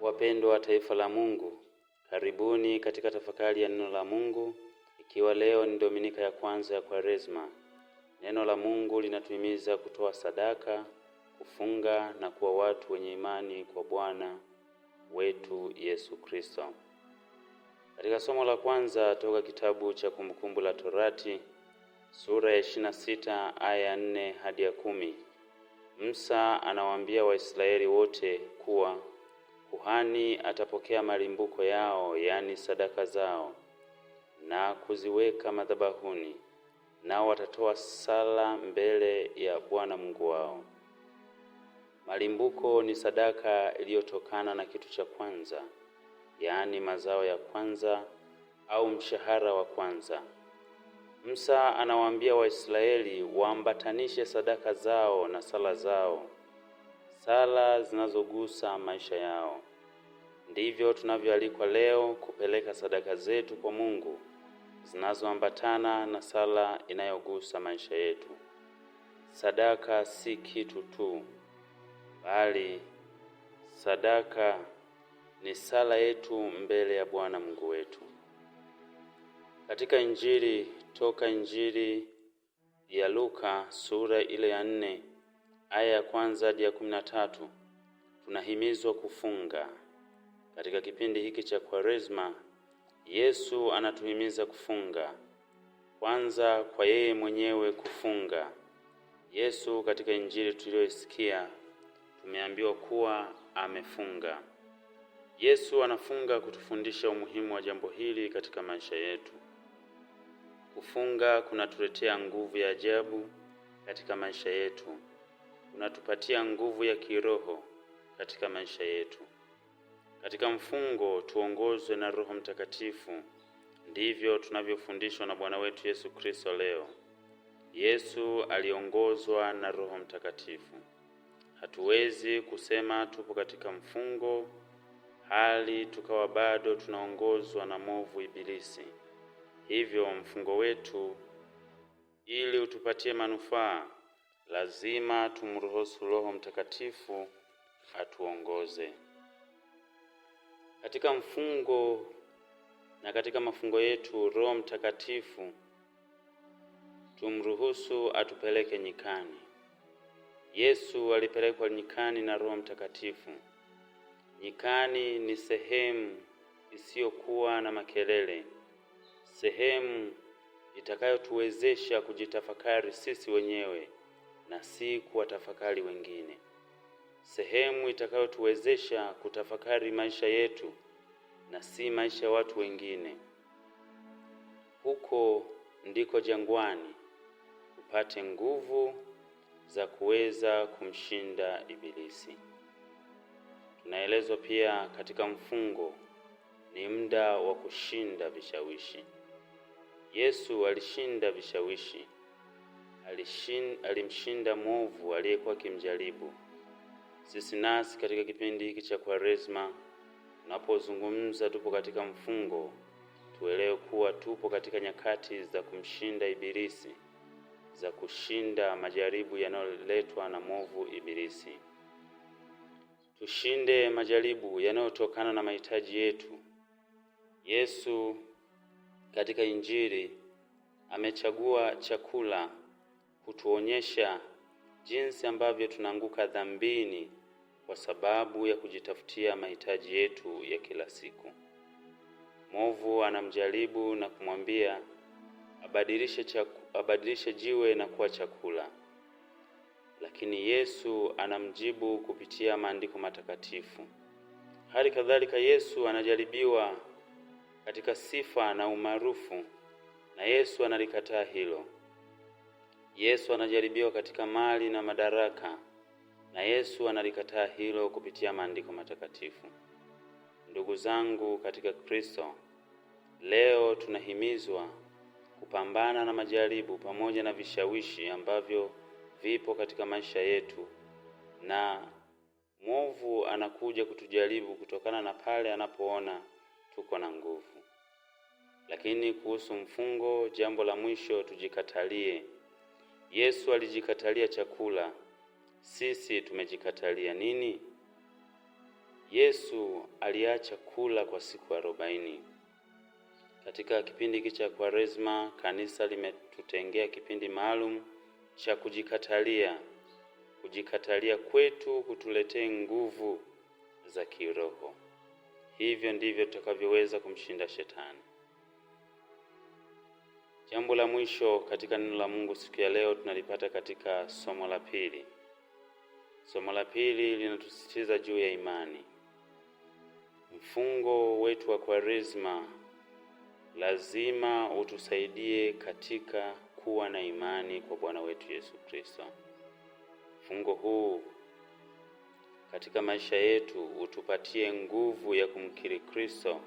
Wapendwa wa taifa la Mungu, karibuni katika tafakari ya neno la Mungu, ikiwa leo ni dominika ya kwanza ya Kwaresma. Neno la Mungu linatuhimiza kutoa sadaka, kufunga na kuwa watu wenye imani kwa Bwana wetu Yesu Kristo. Katika somo la kwanza toka kitabu cha Kumbukumbu la Torati sura ya ishirini na sita aya ya nne hadi ya kumi Musa anawaambia Waisraeli wote kuwa kuhani atapokea malimbuko yao, yaani sadaka zao, na kuziweka madhabahuni, nao watatoa sala mbele ya Bwana Mungu wao. Malimbuko ni sadaka iliyotokana na kitu cha kwanza, yaani mazao ya kwanza au mshahara wa kwanza. Musa anawaambia Waisraeli waambatanishe sadaka zao na sala zao sala zinazogusa maisha yao. Ndivyo tunavyoalikwa leo kupeleka sadaka zetu kwa Mungu zinazoambatana na sala inayogusa maisha yetu. Sadaka si kitu tu, bali sadaka ni sala yetu mbele ya Bwana Mungu wetu. Katika Injili toka Injili ya Luka sura ile ya nne aya ya kwanza hadi ya kumi na tatu tunahimizwa kufunga katika kipindi hiki cha Kwaresma. Yesu anatuhimiza kufunga kwanza, kwa yeye mwenyewe kufunga. Yesu katika injili tuliyoisikia tumeambiwa kuwa amefunga. Yesu anafunga kutufundisha umuhimu wa jambo hili katika maisha yetu. Kufunga kunatuletea nguvu ya ajabu katika maisha yetu unatupatia nguvu ya kiroho katika maisha yetu. Katika mfungo tuongozwe na Roho Mtakatifu, ndivyo tunavyofundishwa na Bwana wetu Yesu Kristo leo. Yesu aliongozwa na Roho Mtakatifu. Hatuwezi kusema tupo katika mfungo hali tukawa bado tunaongozwa na mwovu Ibilisi. Hivyo mfungo wetu ili utupatie manufaa lazima tumruhusu Roho Mtakatifu atuongoze katika mfungo na katika mafungo yetu. Roho Mtakatifu tumruhusu atupeleke nyikani. Yesu alipelekwa nyikani na Roho Mtakatifu. Nyikani ni sehemu isiyokuwa na makelele, sehemu itakayotuwezesha kujitafakari sisi wenyewe na si kuwatafakari wengine. Sehemu itakayotuwezesha kutafakari maisha yetu na si maisha ya watu wengine. Huko ndiko jangwani upate nguvu za kuweza kumshinda Ibilisi. Tunaelezwa pia katika mfungo ni muda wa kushinda vishawishi. Yesu alishinda vishawishi alishin, alimshinda mwovu aliyekuwa akimjaribu. Sisi nasi katika kipindi hiki cha Kwaresma tunapozungumza tupo katika mfungo, tuelewe kuwa tupo katika nyakati za kumshinda Ibilisi, za kushinda majaribu yanayoletwa na mwovu Ibilisi. Tushinde majaribu yanayotokana na mahitaji yetu. Yesu katika Injili amechagua chakula hutuonyesha jinsi ambavyo tunaanguka dhambini kwa sababu ya kujitafutia mahitaji yetu ya kila siku. Mwovu anamjaribu na kumwambia abadilishe chaku, abadilishe jiwe na kuwa chakula, lakini Yesu anamjibu kupitia maandiko matakatifu. Hali kadhalika Yesu anajaribiwa katika sifa na umaarufu, na Yesu analikataa hilo. Yesu anajaribiwa katika mali na madaraka, na Yesu analikataa hilo kupitia maandiko matakatifu. Ndugu zangu katika Kristo, leo tunahimizwa kupambana na majaribu pamoja na vishawishi ambavyo vipo katika maisha yetu, na mwovu anakuja kutujaribu kutokana na pale anapoona tuko na nguvu. Lakini kuhusu mfungo, jambo la mwisho, tujikatalie Yesu alijikatalia chakula, sisi tumejikatalia nini? Yesu aliacha kula kwa siku arobaini. Katika kipindi hiki cha Kwaresma, kanisa limetutengea kipindi maalum cha kujikatalia. Kujikatalia kwetu kutuletee nguvu za kiroho. Hivyo ndivyo tutakavyoweza kumshinda Shetani. Jambo la mwisho katika neno la Mungu siku ya leo tunalipata katika somo la pili. Somo la pili linatusisitiza juu ya imani. Mfungo wetu wa Kwaresma lazima utusaidie katika kuwa na imani kwa Bwana wetu Yesu Kristo. Mfungo huu katika maisha yetu utupatie nguvu ya kumkiri Kristo,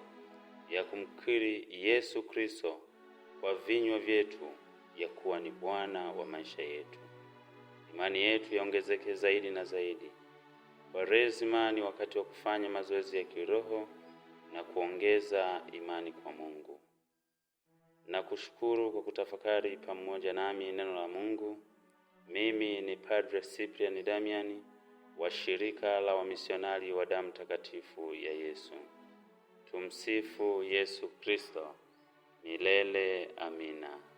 ya kumkiri Yesu Kristo kwa vinywa vyetu ya kuwa ni Bwana wa maisha yetu. Imani yetu yaongezeke zaidi na zaidi. Kwaresima ni wakati wa kufanya mazoezi ya kiroho na kuongeza imani kwa Mungu. Na kushukuru kwa kutafakari pamoja nami neno la Mungu. Mimi ni Padre Cyprian Damiani wa shirika la wamisionari wa damu takatifu ya Yesu. Tumsifu Yesu Kristo milele. Amina.